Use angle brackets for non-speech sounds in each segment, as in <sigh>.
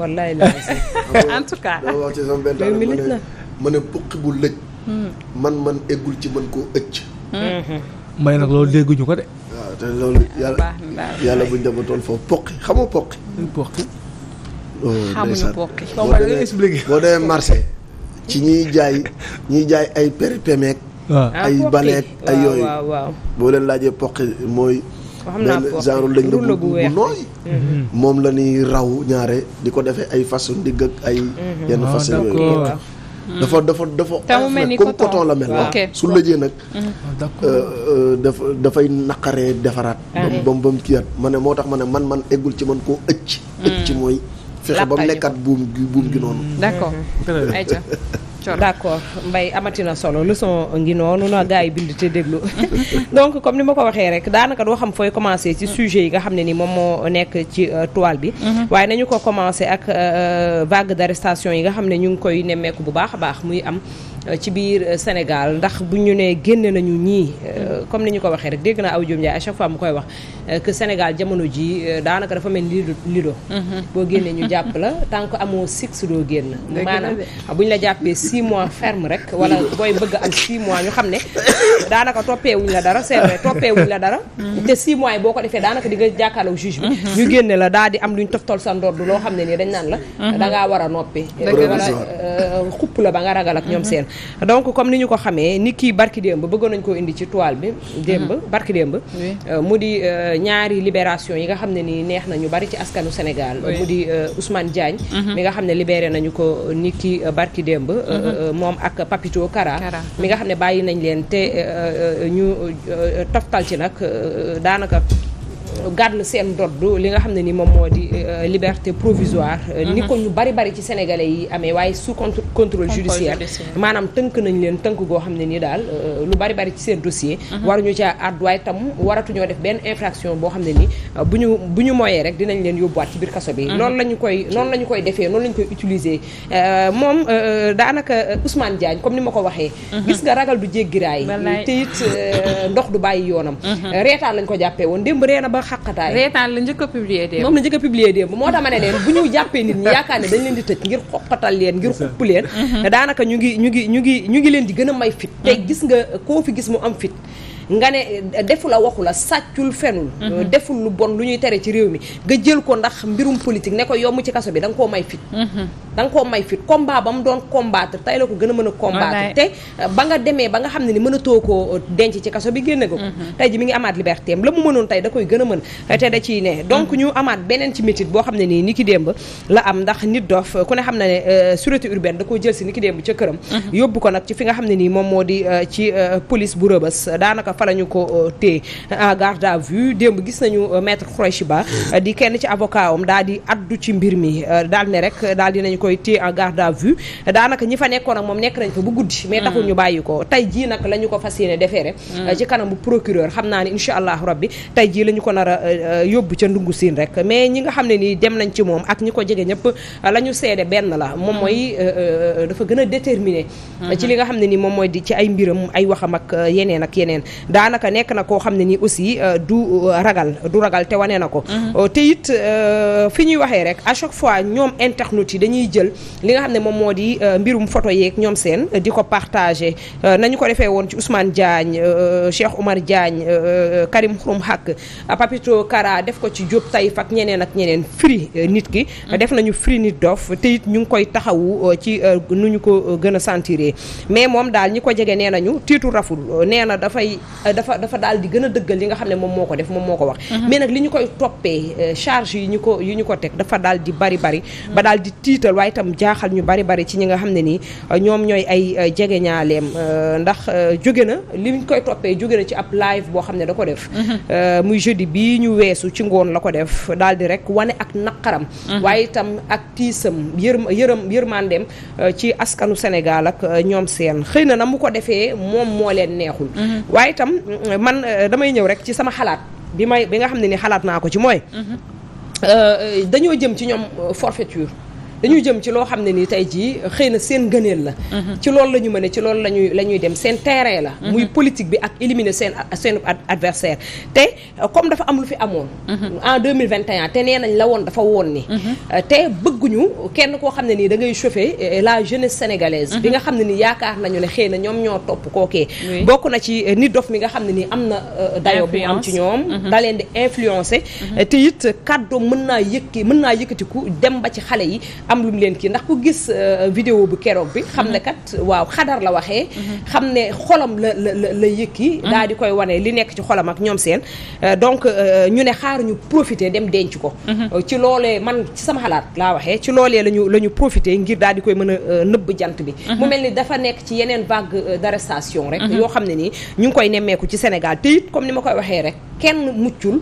wallaay la <laughs> en tout cas ma ne ma ne bu lëj hmm. man man eggul ci mën koo ëcc hmm. Hmm. may nag loolu dégguñu ko de waaw te loolu yàlla yàlla buñ dematoon foofu poqi xamoo poqi poqi oh, xamuñu poqi boo demee marché ci ñuy jaay ñuy jaay ay péri pémeek ah. ay ah, baleek ay yooyu boo leen laajee poqi mooy benn genre lëñ la bu nooy mhm. moom la ñuy raw ñaare di ko defee ay façon digg ak ay mhm. yenn ah, façon yooyu dafa dafa dafa comme coton la mel waaw su lëjee nag mhm. ah, euh, euh, dafay naqaree defaraat bam ah, bam bam kiyaat ma ne moo tax ma ne man man eggul ci man koo ëcc ëcc mooy fexe ba mu nekkat buum gi buum gi noonu. Mm-hmm. d'accord d'accord Mbaye amati na solo leçon ngi noonu na gars yi bind te déglu <laughs> donc comme ni ma ko waxee rek daanaka doo xam fooy commencer ci sujet yi nga xam ne ni moom moo nekk ci euh, toile bi mm-hmm. waaye nañu ko commencer ak euh, vague d'arrestation yi nga xam ne ñu ngi koy nemmeeku bu baax a baax muy am Euh, ci biir euh, Sénégal ndax bu ñu nee génne nañu ñii euh, comme ni ñu ko waxee rek dégg naa aw Diom Ndiaye à chaque fois mu koy wax que Sénégal jamono ji daanaka dafa mel ni lido mhm. boo génnee ñu jàpp la tant amoo six doo génn maanaam ah, bu ñu la jàppee six mois ferme rek wala booy bëgg ak six mois ñu xam ne daanaka toppee wuñ la dara c'est vrai toppee la dara mhm. te six mois yi boo ko defee daanaka di nga jàkkaarloo juge bi mhm. ñu génne la daa di am luñ toftal sa ndord loo xam ne nii dañ naan la dangaa war a noppi wala xupp la ba nga ragal ak ñoom seen donc comme ni ñu ko xamee ni kii barki démb bëggoon nañ koo indi ci toile bi démb uh-huh. barki démb euh, mu di euh, ñaari libération yi nga xam ne ni neex na ñu bari ci askanu Sénégal mu di euh, Ousmane Diagne uh-huh. mi nga xam ne libéré nañu ko ni kii barki démb uh-huh. moom ak Papito Kara mi nga xam ne bàyyi nañ leen te ñu toftal ci nag daanaka gàddu seen ndodd li nga xam ne ni moom moo di euh, liberté provisoire euh, ni mhm. ko ñu bari bari ci sénégalais yi amee waaye sous contrôle judiciaire maanaam tënk nañ leen tënk goo xam ne ni daal euh, lu bari bari ci seen dossier mhm. waruñu ca àdduwaay tam waratu waratuñoo def benn infraction boo xam ne ni bu ñu bu ñu mooyee rek dinañ leen yóbbuwaat ci biir kaso bi mhm. noonu lañu koy noon lañu koy defee noon lañu koy utiliser moom daanaka Ousmane Diagne comme ni ma ko waxee gis nga ragal du jéggiraay te it ndox du bàyyi yoonam xaqataay reetaan la njëkk a publier démb moom la njëkk a publier démb moo tax ma ne leen bu ñu jàppee nit ñi yaakaar ne dañ leen di tëj ngir xoqatal leen ngir xupp leen mhm. daanaka ñu ngi ñu ngi ñu ngi ñu ngi leen di gën a may fit mhm. tey gis nga koo fi gis mu am fit nga ne eh, defu la waxu la sàccul fenul mhm. euh, deful lu bon lu ñuy tere ci réew mi nga jël ko ndax mbirum politique ne ko yomb ci kaso bi da nga koo may fit mhm. danga nga koo may fit combat ba mu doon combattre tey la ko gën a mën a combattre te eh, ba nga demee ba nga xam ne ni mën a too koo euh, denc ci kaso bi génne ko mhm. tey ji mi ngi amaat liberté am la mu mënoon tey da koy gën a mën te da ciy ne donc ñu amaat beneen ci métit boo xam ne nii ni ki démb la am ndax nit dof ku ne xam ne ne euh, sûreté urbaine da ko jël si ni ki démb ca këram yóbbu ko nag ci fi nga xam ne nii moom moo di ci police bu rëbës daanaka fa la ñu ko euh, téye en garde à vue démb gis nañu euh, metre Khoureyssi Ba di kenn ci avocat am daal di addu ci mbir mi euh, daal ne rek daal dinañu koy téye en garde à vue daanaka ñi fa nekkoon ak moom nekk nañ fa bu guddi mais mm. taxul ñu bàyyi ko tey jii nag la ñu ko fas yéene defeere mm. ci kanamu procureur xam naa ni incha allahu rabbi tey jii la ñu ko nar a yóbbu ca ndungu siin rek mais ñi nga xam ne nii dem nañ ci moom ak ñi ko jege ñëpp la ñu seede benn la moom mooy mm. dafa gën a déterminer mm-hmm. ci li nga xam ne ni moom mooy di ci ay mbiram ay waxam ak yeneen ak yeneen daanaka nekk na koo xam ne nii aussi euh, du euh, ragal du ragal te wane na ko. Mhm. Euh, te it fi ñuy waxee rek à chaque fois ñoom internautes yi dañuy jël li nga xam ne moom moo di mbirum photo yeeg ñoom seen di ko partagé nañu ko defee woon ci Ousmane Diagne Cheikh Oumar Diagne Karim Xurum Xàkk Papito Kara def ko ci Diop Taïf ak ñeneen ak ñeneen firi nit ki. Mhm. def nañu firi nit dof te ñu ngi koy taxawu ci nu ñu ko gën a sentiré mais moom daal ñi ko jege nee nañu tiitu raful nee na dafay. Euh, dafa dafa daal di gën a dëggal li nga xam ne moom moo ko def moom moo ko wax mhm. mais nag li ñu koy toppee euh, charge yi ñu ko yi ñu ko teg dafa daal di bari bari mhm. ba daal di tiital waaye itam jaaxal ñu bari bari ci ñi nga xam ne nii euh, ñoom ñooy ay jege ñaaleem ndax jóge na li ñu koy toppee jóge ci ab live boo xam ne da ko def mhm. muy jeudi bii ñu weesu ci ngoon la ko def daal di rek wane ak naqaram waaye itam ak tiisam yërëm yërëm yërmandeem ci askanu Sénégal ak ñoom seen xëy na na mu ko defee moom moo leen neexul waaye itam man euh, damay ñëw rek ci sama xalaat bi may bi nga xam ne ni xalaat naa ko ci mooy mhm. euh, euh, dañoo jëm ci ñoom forfaiture dañuy jëm ci loo xam ne nii tey jii xëy na seen gëneel la mhm. ci loolu la ñu mën a ci loolu la ñuy la ñuy dem seen terrain la mhm. muy politique bi ak éliminer seen seen adversaire te euh, comme dafa am lu fi amoon mhm. en 2021 te nee nañ la woon dafa woon ni euh, te bëgguñu kenn koo xam ne nii da ngay chauffer euh, la jeunesse sénégalaise bi nga xam ne nii yaakaar nañu ne xëy na ñoom ñoo topp kookee bokk na ci ni dof mi nga xam ne nii am na dayo bu am ci ñoom da leen di influencer te it kàddoom mën naa yëkki mën naa yëkkatiku dem ba ci xale yi am lu leen kii ndax ku gis euh, vidéo bu keroog bi xam ne mhm. kat waaw xadar la waxee mhm. xam ne xolam la la la la yëkki mhm. daal di koy wane li nekk ci xolam ak ñoom seen euh, donc euh, ñu ne xaar ñu profité dem denc ko ci loolee man ci sama xalaat laa waxee ci loolee lañu la ñu profité ngir daal di koy mën a nëbb jant bi mu mel ni dafa nekk ci yeneen vague d'arrestation rek yoo xam ne nii ñu ngi koy nemmeeku ci Sénégal te comme ni ma koy waxee rek kenn muccul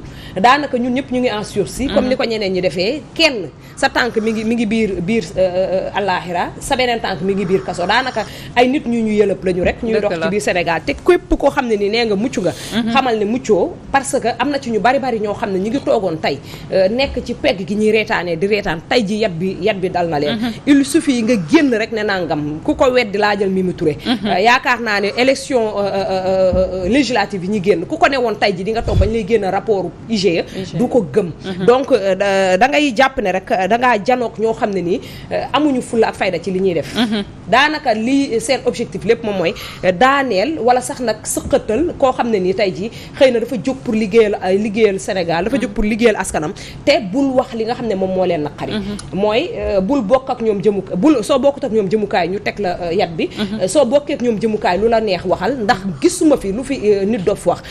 daanaka ñun ñëpp ñu ngi en si comme mhm. ni ko ñeneen ñi defee kenn sa tànk mi ngi mi ngi biir biir euh, euh, àllaaxira sa beneen tànk mi ngi biir kaso daanaka ay nit ñu ñu yëlëb lañu rek ñuy dox ci biir Sénégal te képp koo xam ne ni nee nga mucc nga mhm. xamal ne muccoo parce que am na ci ñu bari bari ñoo xam ne ñu ngi toogoon tey euh, nekk ci pegg gi ñuy reetaanee di reetaan tey ji yat bi yat bi dal na leen mhm. il yi nga génn rek ne nangam ku ko weddi laa jël Mimi Touré yaakaar naa ne élection législative ñu génn ku ko ne woon tey ji di nga toog dañ lay génn rapport IGE e. du ko gëm mhm. donc euh, da ngay jàpp ne rek da ngaa janook ñoo xam ne nii euh, amuñu fulla ak fayda ci li ñuy def mhm. daanaka lii seen objectif lépp moom mooy euh, daaneel wala sax nag sëqatal koo xam ne nii tey jii xëy na dafa jóg pour liggéeyal liggéeyal Sénégal dafa mhm. jóg pour liggéeyal askanam te bul wax li nga xam ne moom moo leen naqari mooy bul bokk ak ñoom jëmu bul soo bokkut ñoom jëmukaay ñu teg la yat bi soo bokkee ñoom jëmukaay lu la neex waxal ndax gisuma fi lu fi nit dof wax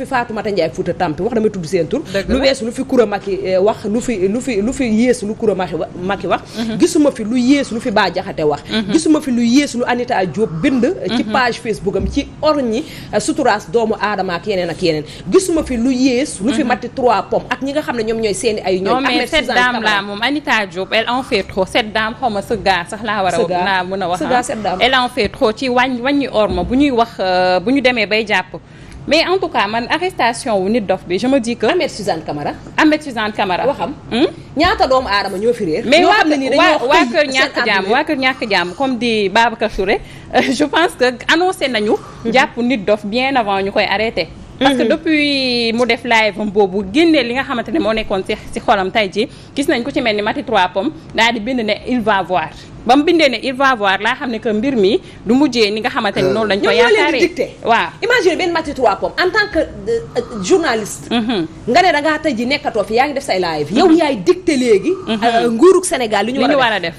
fi Fatoumata Ndiaye Fouta Tampi wax damay tudd seen tur lu weesu lu fi Coura Macky eh, wax lu fi lu fi lu fi yéesu lu Coura Macky Macky wax mhm. gisuma fi lu yéesu lu fi Bah Diakhaté wax mhm. gisuma fi lu yéesu lu Anita Diop bind eh, ci mhm. page Facebook am ci ñi eh, suturaas doomu aadama ak yeneen ak yeneen gisuma fi lu yées lu fi matti trois pommes ak ñi nga xam ne ñoom ñooy seeni ay ñoom mais cette dame là moom Anita Diop elle en fait trop cette xaw ma sa sax laa war a laa mën a wax ah. cette dame elle en ci trop ci wàññ wàññi ma bu ñuy wax euh, bu ñu demee bay jàpp mais en tout cas man arrestation wu nit dof bi je me dis que. Ahmed Suzanne Camara. Ahmed Suzanne Camara waxam. Hmm? ñaata doomu aadama ñoo fi réer. mais waa waa kër ñàkk jàmm waa kër ñàkk jàmm comme di Babacar Touré <laughs> euh, je pense que annoncé nañu. Hmm. jàpp nit dof bien avant ñu koy arrêté. parce que hmm. depuis mu def live am boobu génne li nga xamante ne moo nekkoon ci ci xolam tey jii gis nañ ko ci mel ni Mati Trois Pommes daal di bind ne il va voir. ba mu bindee ne il va laa xam ne que mbir mi du mujjee ni nga xamante ni euh, noonu lañ ko yaakaaree waa imagine benn mati trois pommes en tant que euh, journaliste mhm. nga ne da ngaa tey ji nekkatoo fi yaa ngi def say live mhm. yow yaay dicté léegi mhm. euh, nguurug Sénégal li ñu war a def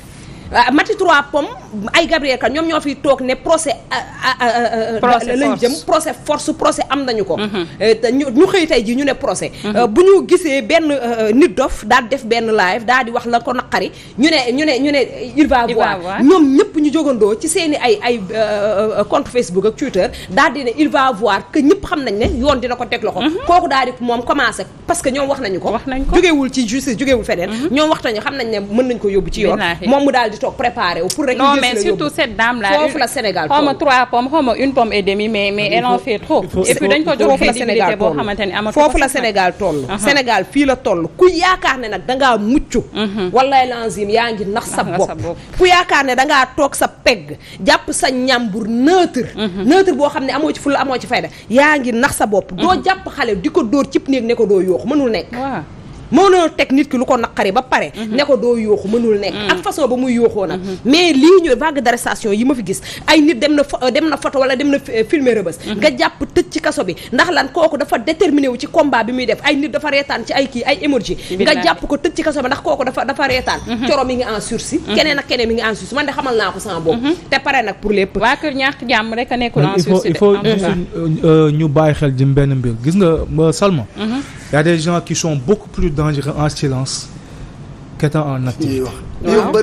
Euh, Mati trois pommes ay Gabriel Kane ñoom ñoo fi toog ne procès euh, euh, lañ jëm procès force procès am nañu ko mhm. ñu xëy tey jii ñu ne procès mhm. bu ñu gisee benn nit dof daal def benn live daal di wax la ko naqari ñu ne ñu ne ñu ne il va voir ñoom ñëpp ñu jógandoo ci seeni ay ay compte Facebook ak Twitter daal di ne il va voir que ñëpp xam nañ ne yoon dina ko teg loxo mhm. kooku daal di moom commencé parce que ñoom wax nañu ko jógewul ci justice jógewul feneen ñoom wax nañu xam nañ ne mën nañ ko yóbbu ci yoon moom mu daal toog préparé wu. pour mais surtout cette dame là foofu la Sénégal toll. xaw ma trois pommes xaw ma une pomme et Sénégal fii la toll ku yaakaar ne nag dangaa mucc. Mhm. wallaay lanzim yaa ngi nax sa bopp. ku yaakaar ne dangaa toog sa pegg jàpp sa ñam bu neutre. Mhm. neutre boo xam ne amoo ci fulla amoo ci fayda yaa ngi nax sa bopp. Mhm. doo jàpp xale di ko dóor cib néeg ne ko doo yoox mënul nekk. mënoo teg nit ki lu ko naqari ba pare mhm. ne ko doo yooxu mënul nekk mhm. ak façon ba muy yooxoo nag mhm. mais lii ñu vague d'arrestation yi ma fi gis ay nit dem na euh, dem na photo wala dem na euh, filmer rëbës jàpp tëj ci kaso bi ndax lan kooku dafa déterminé wu ci combat bi muy def ay nit dafa reetaan ci ay kii ay jàpp ko tëj ci kaso bi ndax kooku dafa dafa reetaan mi ngi en sursis keneen ak keneen mi ngi en sursis man de naa ko sama bopp te pare nag pour lépp waa kër ñàkk jàmm rek a nekkul en sursis il euh, ñu bàyyi xel jëm benn mbir gis nga Salma y a des gens qui sont beaucoup plus dangereux en silence qu'étant en activité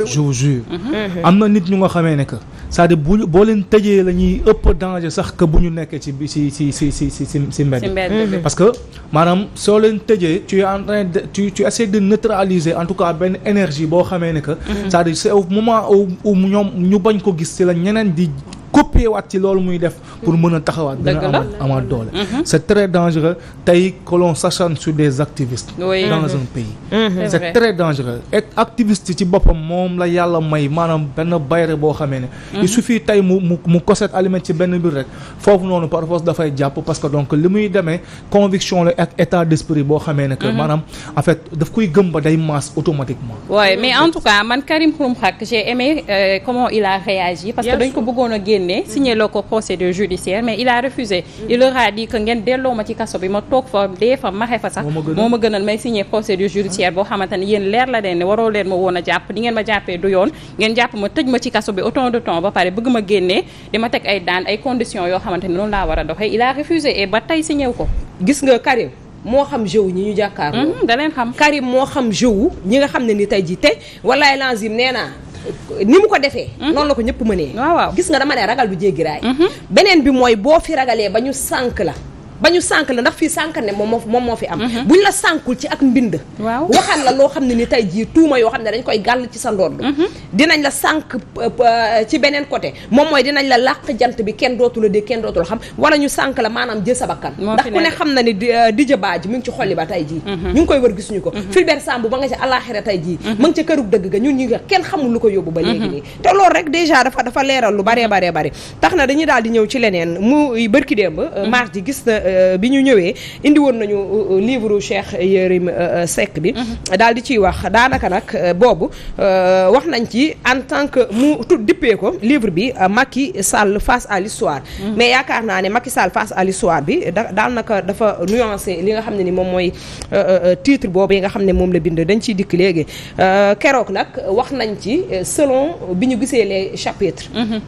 je vous jure mhm. Mhm. am na nit ñu nga xamee ne que cest bu boo leen tëjee la ñuy ëpp danger sax que bu ñu nekkee ci ci ci ci ci ci ci mbedd mhm. parce que maanaam soo leen tëjee tu es en train de tu neutraliser en tout cas benn énergie boo xamee ne que c'est-à-dire moment où ñoom ñu bañ ko gis ci la ñeneen di copier waat ci loolu muy def pour mën a taxawaat gën a amaat amaat doole mhm. c'est très dangereux tey que l'on s'acharne sur des activistes dans mhm. un pays c'est très dangereux et activiste ci boppam moom la yàlla may maanaam benn bayre boo xamee ne mhm. il suffit tey mu mu mu koset aliment ci benn mbir rek foofu noonu par force dafay jàpp parce que donc li muy demee conviction la ak état d'esprit boo xamee ne que maanaam en fait daf koy gëm ba day masse automatiquement waaye euh, a réagi parce que génnee signé loo ko procédure judiciaire mais il a refusé il leur a dit que ngeen delloo ma ci kaso bi ma toog fa dee fa maxe fa sax moo ma gënal may signé procédure judiciaire boo xamante ne leer la leen waroo leen ma woon a jàpp di ngeen ma jàppee du yoon ngeen jàpp ma tëj ma ci kaso bi autant de temps ba pare bëgg ma génnee di ma teg ay daan ay conditions yoo xamante noonu laa war a doxee il a refusé et ba tey signé wu ko gis nga Karim moo xam jëw ñi ñu ni mu ko defee hmm? noonu la ko ñëpp mënee waaw gis nga dama ne ragal du jéggi raay hmm? beneen bi mooy boo fi ragalee ba ñu sànk la ba ñu sànq la ndax fii sànq ne moom moo moom moo fi am mhm. buñ la sànkul ci ak mbind waaw waxaan la loo xam ne ni tey jii tuuma yoo xam ne dañ koy gàll ci sa ndodd mhm. dinañ la sànq euh, ci beneen côté moom mooy dinañ la làq jant bi kenn dootu la dégg kenn dootu la xam wala ñu sànq la maanaam jël sa bakkan ndax ku ne xam na ni Dj euh, Badji mu ngi ci xolli ba tey jii mhm. ñu ngi koy wër gisuñu ko Fulbert Sambou ba nga ci alaxira tey jii ma ngi ca kërug dëgg ga ñun ñu nga kenn xamul lu ko yóbbu ba léegi nii te loolu rek dèjà dafa dafa leeral lu baree baree bare tax na dañuy daal di ñëw ci leneen mu bërki démb euh, mardi gis na Euh, bi ñu ñëwee indi woon nañu euh, euh, livre Cheikh Yérim Seck bi mhm. daal di ciy wax daanaka nag boobu wax nañ ci en tant que mu tudd dippee ko livre bi Macky Sall face à l'histoire mhm. mais yaakaar naa ne Macky Sall face à l'histoire bi da daanaka dafa nuancé li nga xam ne ni moom mooy titre boobu yi nga xam ne moom la bind dañ ciy dikk léegi keroog nag wax nañ ci selon bi ñu gisee les chapitres mhm.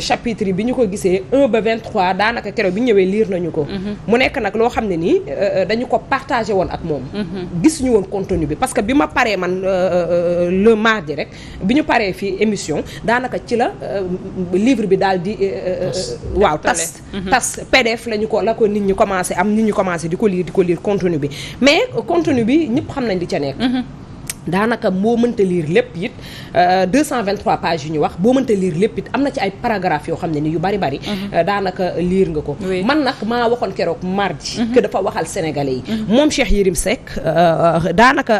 chapitre bi ñu ko gisee 1 ba trois daanaka keroog bi ñëwee liir nañu ko. Mhm. mu nekk nag loo xam ne nii euh, euh, dañu ko partagé woon ak moom. Mhm. gis ñu woon contenu bi parce que bi ma paree man euh, le mardi rek bi ñu paree fii émission daanaka ci la livre bi daal di. waaw tas mhm. tas PDF lañu ko la ko nit ñi commencé am nit ñi commencé di ko lire di ko lire contenu bi mais contenu bi ñëpp xam nañ di ca nekk. daanaka boo mënta liir lépp euh, cent 223 pages yu ñu wax boo mënta liir lépp it am na ci ay paragraphes yoo xam ne ni yu bari bari. Mhm. Euh, daanaka liir nga ko. man nag maa waxoon keroog mardi. Mhm. que dafa waxal sénégalais yi. Mhm. moom Cheikh Yérim Seck euh, daanaka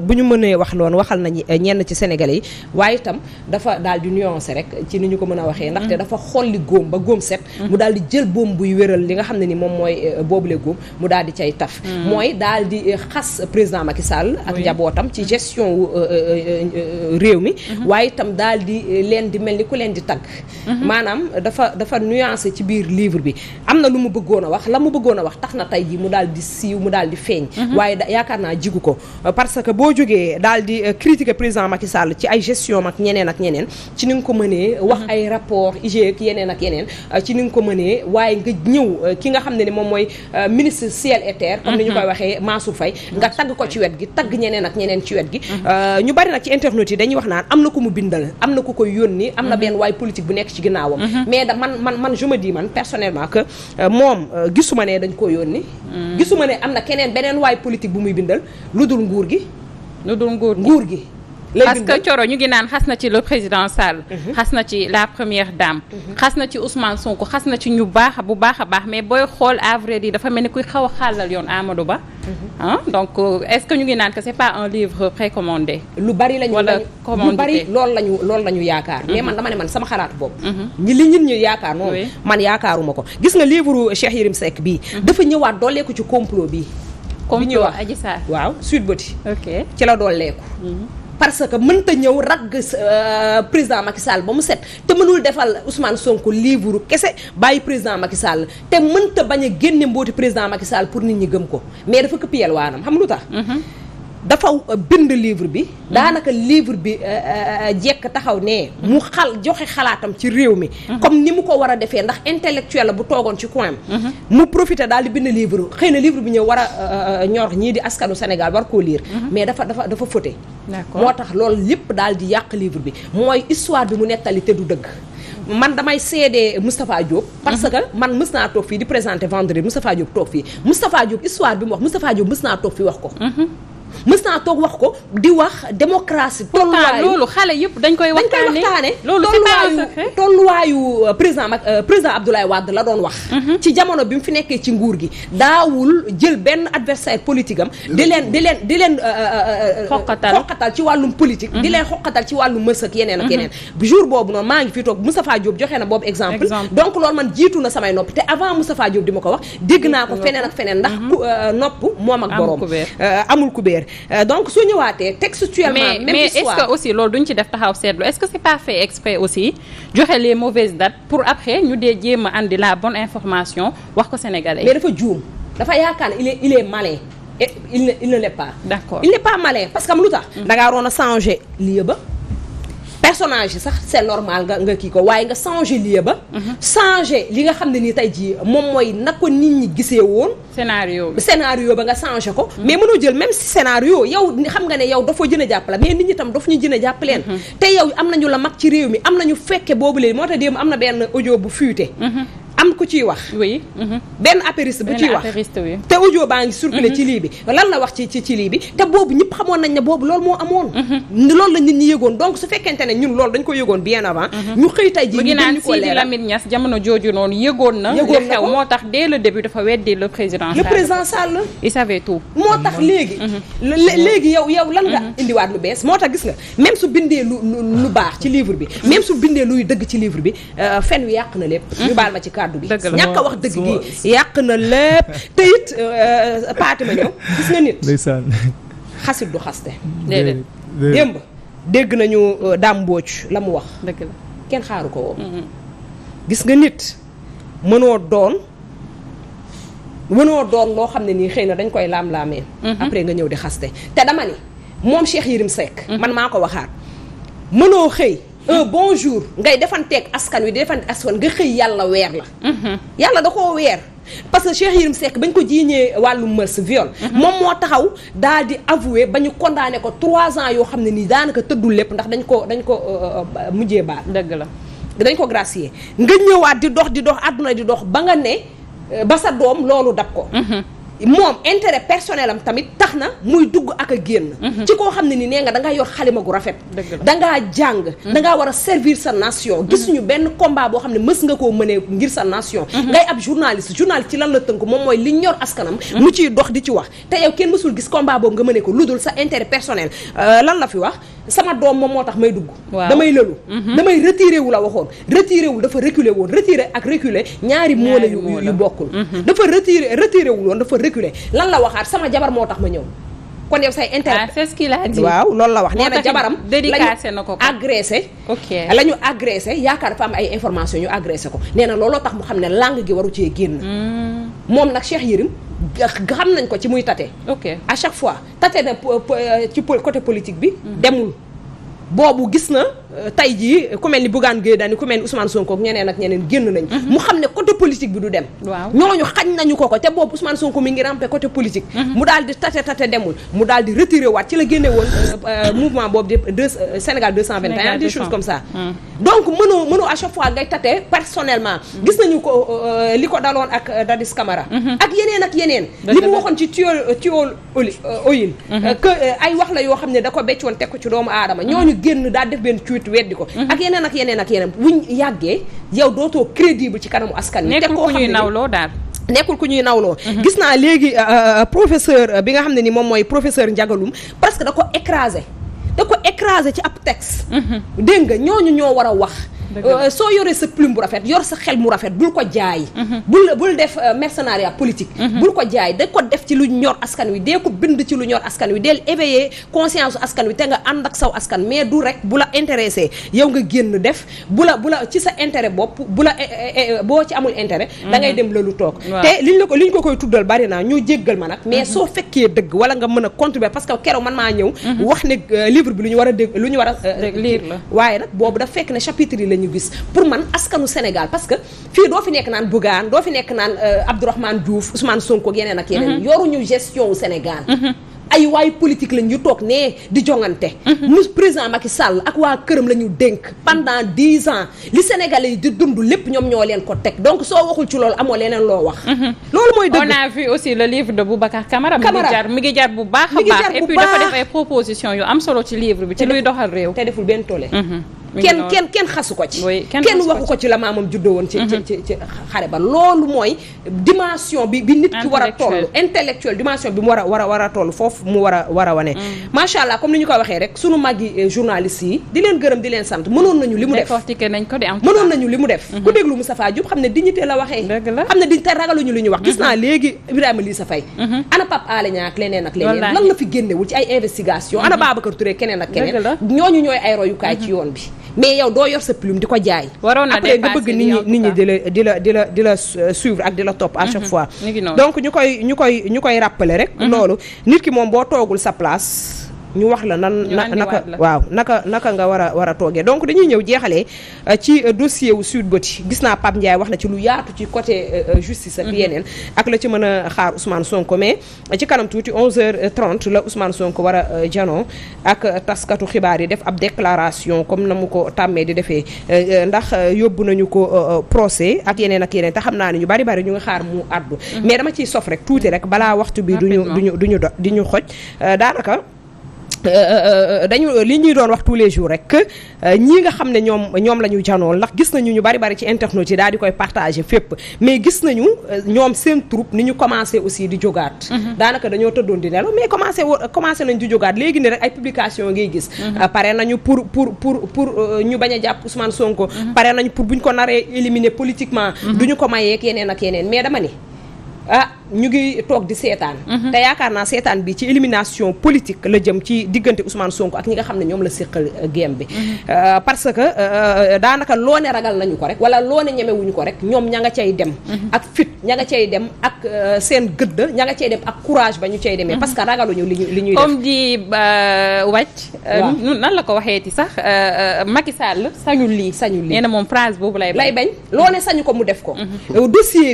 bu ñu mënee wax lool waxal nañu ñenn ci sénégalais yi waaye itam dafa daal di nuancer rek ci ni ñu ko mën a waxee. ndaxte dafa xolli góom ba góom set. mu daal di jël boom buy wéral li nga xam ne ni moom mooy boobule mu daal di cay taf. mooy daal di xas président Macky Sall ak njabootam ci position euh, euh, euh, réew mi mhm. waaye itam daal di leen di mel ni ku leen di tagg mhm. maanaam dafa dafa nuancé ci biir livre bi am na lu mu bëggoon a wax la mu bëggoon a wax tax na tey ji mu dal di siiw mu daal di feeñ mhm. waaye yaakaar naa jigu ko parce que boo jógee dal di critiquer président i Sall ci ay gestion ak ñeneen ak ñeneen ci ni nga ko mënee wax ay rapport IGE ak yeneen yeneen ci ni nga ko mënee waaye nga ñëw ki nga xam ne ni moom mooy ministre ciel et terre ni ñu koy waxee Mansour fay nga tagg ko ci wet gi tagg ñeneen ak ñeneen ci wet gi euh, ñu bari nag ci internet yi dañuy wax naan am na ko mu bindal am na ko koy yónni am na benn waay politique bu nekk ci ginnaawam mhm. mais da man man man je man personnellement que euh, moom euh, gisuma ne dañ ko yónni mhm. gisuma ne am na keneen beneen waay politique bu muy bindal lu dul nguur gi lu dul nguur nguur gi parce que Thioro ñu ngi naan xas na ci le président Sall. Mhm. xas na ci la première dame. Mhm. xas na ci Ousmane Sonko xas na ci ñu baax bu baax a baax mais booy xool à vrai dire dafa mel ni kuy xaw a xàllal yoon Amadou Ba. Mhm. ah donc euh, est-ce que ñu ngi naan que c'est pas un livre précommandé. lu bari lañu wala commandité lu bari loolu lañu loolu lañu yaakaar. mais man dama ne man sama xalaat bopp. ñi li ñun ñu yaakaar noonu. man yaakaaruma ko gis nga livre Cheikh Yérim Seck bii. dafa ñëwaat dooleeku ci complot bi. complot Adji Sarr bi ñuy wax waaw Sweet Beauté. ok ci la dooleeku. parce que mënta ñëw ragg euh, président Macky Sall ba mu set te mënul defal Ousmane Sonko livre kese bàyyi président Macky Sall te mënta bañ a génne mbooti président Macky Sall pour nit ñi gëm ko mais dafa këpp yelwaanam xam lu tax mm-hmm. dafa bind livre bi daanaka livre bi euh, euh, euh, jekk taxaw ne mu xal joxe xalaatam ci réew mi mhm. comme ni mu ko war a defee ndax intellectuel la bu toogoon ci coin mhm. mu profité daal di bind livre xëy na livre bi ñëw war a ñor ñii di askanu Sénégal war koo lire mhm. mais dafa dafa dafa fauté moo tax loolu lépp dal di yàq livre bi mooy histoire bi mu nettali te du dëgg man damay seede Moustapha Diop parce que man mës naa toog fii di présenté vendredi Moustapha Diop toog fii Moustapha Diop histoire bi mu wax Moustapha Diop mës naa toog fii ko mës naa toog wax ko di wax démocratie. tolluwaayu loolu xale yëpp dañ koy waxtaanee loolu tolluwaayu tolluwaayu euh, président Macky euh, président Abdoulaye Wade la doon wax. Mhm. ci jamono bi mu fi nekkee ci nguur gi daawul jël benn adversaire politique am. di leen di leen di leen. Euh, xoqatal ci wàllum politique. di mhm. leen xoqatal ci wàllum mës ak yeneen ak mhm. yeneen. jour boobu noonu maa ngi fi toog Moustapha Diop joxe na boobu exemple. donc loolu man jiitu na samay nopp te avant Moustapha Diop di ma ko wax. dégg naa ko feneen ak feneen ndax nopp moom ak borom amul kubéer Euh, donc su ñëwaatee textuellement. même mais est-ce que aussi loolu duñ ci def taxaw seetlu est-ce que c'est pas fait exprès aussi joxe les mauvaises dates pour après ñu dee jéem a andi la bon information wax ko sénégalais. mais dafa juum dafa yaakaar il est il malin et il ne il ne l'est pas. d'accord il n'est pas malin parce que am lu tax. Mm. da ngaa changer lieu ba. personnage yi sax c'est normal nga nga kii ko waaye nga changer lieu ba. Mhm. changer li nga xam ne ni tey jii moom mooy na ko nit ñi gisee woon. scénario bi scénario ba nga changer ko. Mhm. mais mënoo jël même si scénario yow xam nga ne yow dafa jën a jàppale mais nit ñi tam daf ñu jën a jàppaleen. Mhm. te yow am nañu la mag ci réew mi am nañu fekke boobu leen moo tax démb am na benn audio bu fuité. am ku ciy wax. oui. Mm-hmm. Mm-hmm. benn apériste bu ciy wax te audio baa ngi circulé mm-hmm. ci lii bi lan la wax ci ci ci lii bi te boobu ñëpp xamoon nañ ne boobu loolu moo amoon. loolu la nit ñi yëgoon donc su fekkente ne ñun loolu dañ ko yëgoon bien avant. ñu xëy tey jii ñu gën ñu ko leeral Lamine na. ko moo tax dès le début dafa weddi le président. le président Sall. il savait tout. moo tax léegi. léegi yow yow lan nga indiwaat lu bees moo tax gis nga même su bindee lu lu baax ci livre bi. même su bindee luy dëgg ci livre bi euh, fen wi yàq na lépp ñu baal ma ci kàddu bi ñàkk a wax dëgg gi yàq na lépp te it euh, euh, paati ma ñëw gis nga nit xasit du xaste déedéet démb dégg nañu euh, Dame la mu wax dëgg kenn xaaru ko woon mm-hmm. gis nga nit mënoo doon mënoo doon loo xam ne nii xëy na dañ koy laam-laamee mm-hmm. après nga ñëw di xaste te dama ni moom Cheikh Yérim Seck mm-hmm. man maa ko waxaat mënoo xëy un bon jour ngay defanteeg askan wi di defanteeg askan nga xëy yàlla weer la. Mhm. yàlla da koo weer parce que Cheikh Yérim Seck bañ ko jiiñee wàllum mërs viol. Mhm. moom moo taxaw daal di avoué ba ñu condamné ko 3 ans yoo xam ne nii daanaka tëddul lépp ndax dañ ko dañ ko euh, euh, euh, mujjee baal. dëgg la dañ ko gracier nga ñëwaat di dox di dox àdduna di dox ba nga ne ba sa doom loolu dab ko. Mhm. moom intérêt personnel am tamit tax na muy dugg ak a génn. Mhm. ci koo xam ne ni nee nga da ngaa yor xalima gu rafet. da ngaa jàng. Mhm. da war a servir sa nation. Mhm. gisuñu benn combat boo xam ne mës nga koo mënee ngir sa nation. ngay ab journaliste journal ci lan la tënk moom mooy li ñor askanam. mu ciy dox di ci wax te yow kenn mësul gis combat boobu nga mënee ko lu dul sa intérêt personnel euh, lan la fi wax. sama doom ma moo tax may dugg damay lëlu mhm. damay retiré wu la waxoon retiré wul dafa reculé woon retiré ak reculé ñaari moo la yu bokkul mhm. dafa retiré retiré wul woon dafa reculé lan la waxaat sama jabar moo tax ma ñëw kon yow say ah, intérêt waaw loolu la wax nee na jabaram dédicacé na ko agressé ok la ñu agressé yaakaar dafa am ay information ñu agressé ko nee na looloo tax mu xam ne làng gi waru cee génn hmm. moom nag Cheikh Yérim xam nañ ko ci muy tate. ok à chaque fois tate na ci côté politique bi mm-hmm. demul. boobu gis na euh, tey jii ku mel ni Bougane Gueye ku mel ni Ousmane Sonko ñeneen ak ñeneen génn nañ mhm. mu xam ne côté politique bi du dem ñooñu xañ nañu ko ko te boobu Ousmane Sonko mi ngi rampe côté politique mhm. mu daal tate tate demul mu daal di retiré ci la génne woon euh, euh, mouvement boobu de Sénégal 221 des comme ça mhm. donc mënoo mënoo à fois ngay tate personnellement gis nañu ko li ko daloon ak Dadis Camara ak yeneen ak yeneen li mu waxoon ci tuyau da ko beccoon teg ko ci doomu aadama génn daa def benn tweet weddi ko mhm. ak yeneen ak yeneen ak yeneen buñ yàggee yow dootoo crédible ci kanamu askan wi te koo xam ne nekkul ko ñuy nawloo mhm. gis naa léegi euh, euh, professeur euh, bi nga xam ne ni moom mooy professeur Ndiagaloum presque da ko écrasé da ko écrasé ci ab tex mhm. dégg nga ñooñu ñoo war a wax Euh, soo yoree sa plume bu rafet yor sa xel mu rafet bul ko jaay mhm. bul bul def euh, mercenariat politique mhm. bul ko jaay da ko def ci lu ñor askan wi dee ko bind ci lu ñor askan wi deel éveiller conscience askan wi te nga ànd ak saw askan mais du rek bu la intéressé yow nga génn def bu la bu la ci sa intérêt bopp bu la eh, eh, eh, boo ci amul intérêt mhm. da ngay dem la lu toog te li la ko liñ ko koy tuddal bari naa ñu jéggal ma nag mais soo fekkee dëgg wala nga mën a contribuer parce que keroog man maa ñëw wax euh, lu ñu war a lu ñu war a lire nag boobu da fekk ne chapitre ñu gis pour man askanu Sénégal parce que fii doo fi nekk naan Bougane doo fi nekk naan euh, Abdourahmane Diouf Ousmane Sonko yeneen ak mhm. yeneen yoruñu gestion wu Sénégal mhm. ay waay politique lañ toog nee di jongante mu mhm. président Macky Sall ak waa këram la ñu dénk pendant dix ans li sénégalais yi di dund lépp ñoom ñoo leen ko teg donc soo waxul ci loolu amoo leneen loo wax loolu mooy dëgg on a vu aussi le livre jar mi ngi jar bu baax a baax et puis dafa def proposition yu am solo ci livre kenn kenn kenn xasu ko ci kenn waxu ko ci la maamam juddoo woon mhm. ci ci ci xare ba loolu mooy dimension bi bi nit ki war a toll intellectuel dimension bi mu war a war a war foofu mu war a war a wane mhm. macha allah comme ni ñu ko waxee rek sunu màggi eh, journalistes yi di leen gërëm di leen sant mënoon nañu li mu def mënoon nañu li mu def mhm. ku déglu Moustapha Diop xam ne dignité la waxee xam ne dignité ragaluñu li ñu wax gis naa léegi Ibrahima Lissa Faye ana leneen ak leneen lan la fi génnewul ci ay investigation ana ay royukaay ci yoon mais yow doo yor sa plume di ko jaay. waroon na après nga bëgg nit ñi nit ñi di la di la di la di la euh, suivre ak di la topp à chaque mhm. fois. donc ñu koy ñu koy ñu koy rappeler rek. Mhm. loolu nit ki moom boo toogul sa place. ñu wax la nan naka waaw naka naka nga war a war a toogee donc dañuy ñëw jeexalee euh, ci euh, dossier wu Sweet Beauty gis naa Pape Ndiaye wax na ci lu yaatu ci côté euh, justice ak mhm. yeneen ak la ci mën a xaar Ousmane Sonko mais ci kanam tuuti 11h30 la Ousmane Sonko war a janoo ak taskatu xibaar yi def ab déclaration comme na mu ko tàmmee di defee ndax yóbbu nañu ko procès ak yeneen ak yeneen te xam naa ne ñu bari bari ñu ngi xaar mu àddu mhm. mais dama ciy sof rek tuuti rek balaa waxtu bi duñu du duñu do di ñu xoj daanaka Euh, dañu euh, li ñuy doon wax tous les jours rek euh, ñii nga xam ne ñoom ñoom la ñu janool ndax gis nañu ñu bari bari ci internet yi daal di koy partagé fépp mais gis nañu ñoom seen troupe ni ñu commencé aussi di jogaat mhm. daanaka dañoo tëddoon di nelaw mais commencé commencé nañ di jógaat léegi ne rek ay publication ngay gis mhm. pare nañu pour pour pour pour ñu bañ a jàpp Ousmane Sonko mhm. pare nañu pour buñ ko naree éliminer politiquement duñu ko mayeek yeneen ak yeneen mais dama ni ah, ñu ngi toog di seetaan te yaakaar naa seetaan bi ci élimination politique la jëm ci diggante Ousmane Sonko ak ñi nga xam ne ñoom la séqal euh, game bi euh, parce que euh, daanaka loo ne ragal nañu ko rek wala loo ne ñemewuñu ko rek ñoom ña nga cay dem ak fit ña nga cay dem ak seen gëdd ña nga cay dem ak courage ba ñu cay demee parce que ragaluñu li ñu li ñuy def comme di wàcc nan la ko waxee waxeeti sax Macky Sall sañul lii sañu lii nee na moom phrase boobu lay bañ loo sañu ko mu def ko mhm. dossier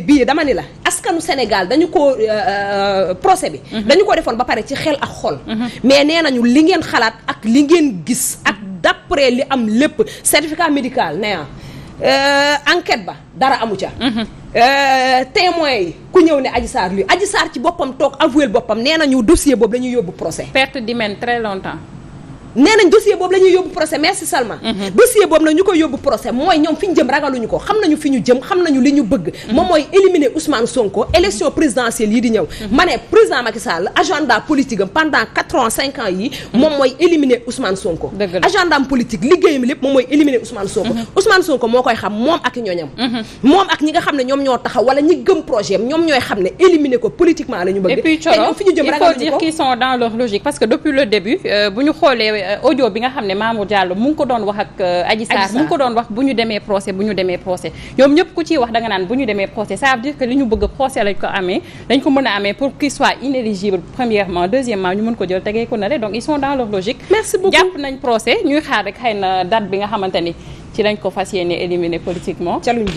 dañu ko euh, euh, bi. Mhm. dañu ko defoon ba pare ci xel ak xol. Mhm. mais nee nañu li ngeen xalaat ak li ngeen gis ak d'après li am lépp certificat médical nee euh, enquête ba dara amu ca. Mhm. témoin yi ku ñëw ne Adji Sarr luy Adji Sarr ci boppam toog avoué boppam nee nañu dossier boobu la ñuy yóbbu procès. perte d'hymen très longtemps. nee nañ dossier boobu la ñuy yóbbu procès merci seulement mm-hmm. dossier boobu nag ñu koy yóbbu procès mooy ñoom fi ñu jëm ragaluñu ko xam nañu fi ñu jëm xam nañu li ñu bëgg mm-hmm. moom mooy éliminer Ousmane Sonko élection présidentielle yi di ñëw mm-hmm. ma ne président Macky Sall agenda politique am pendant quatre ans cinq ans yi moom mooy éliminer Ousmane Sonko agenda politique liggéeyam lépp moom mooy éliminer Ousmane Sonko Ousmane Sonko moo koy xam moom ak ñooñam moom ak ñi nga xam ne ñoom ñoo taxaw wala ñi gëm projet am ñoom ñooy xam ne éliminer ko politiquement Euh, audio bi nga xam ne Mamour Diallo mu ngi ko doon wax ak euh, Adji Sarr mu ngi ko doon wax bu ñu demee procès bu ñu demee procès ñoom ñëpp ku ciy wax da naan bu ñu demee procès ça veut dire que li ñu bëgg procès lañ ko amee dañ ko mën a amee pour qu'il soit inéligible premièrement deuxièmement ñu mën ko jël tegee ko na donc ils sont dans leur logique jàpp nañ procès ñuy xaar rek xëy na date bi nga xamante ci lañ ko fas yéene éliminer politiquement ca luñ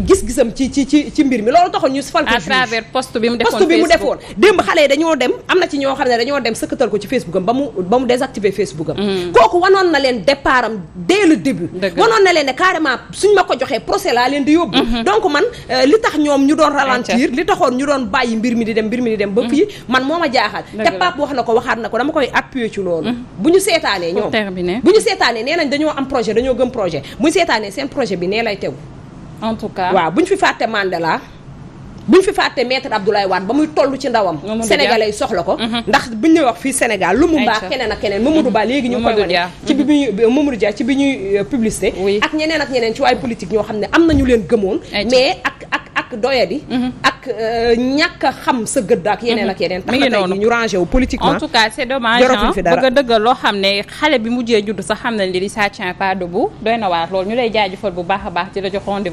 gis-gisam ci ci ci ci mbir mi loolu taxoon ñu fal ko à travers bi mu defoon poste bi mu defoon démb xale dañoo dem am na ci ñoo xam ne dañoo dem sëkkatal ko ci Facebook am ba mu ba mu désactiver Facebook am mm-hmm. kooku wanoon na leen départ am dès le début wanoon na leen ne carrément suñ ma ko joxee procès laa leen di yóbbu mm-hmm. donc man euh, li tax ñoom ñu doon ralentir li taxoon ñu doon bàyyi mbir mi di dem mbir mi di dem ba mm-hmm. fii man moo a jaaxal te Pape wax na ko waxaat na ko dama koy appuyer ci loolu bu ñu seetaanee ñoom bu ñu seetaanee nee nañ dañoo am projet dañoo gëm projet bu ñu seen projet bi nee lay tew en tout cas waaw bu ñu fi fàtte Mandela bu ñu fi fàtte maître Abdoulaye Wade ba muy toll ci ndawam. sénégalais yi soxla ko. Mhm. ndax bu ñu wax fii Sénégal lu mu baax keneen ak keneen Mamadou Ba léegi ñu koy wane. ci bi muy mhm. euh, xam ne am na ñu leen gëmoon. mais ak ak ak doyadi. Mhm. ak euh, ñàkk a xam sa gëdd ak yeneen ak yeneen. loo xam ne xale bi mujjee judd sax xam nañ li ça tient ñu lay bu baax a baax ci la jox rendez-vous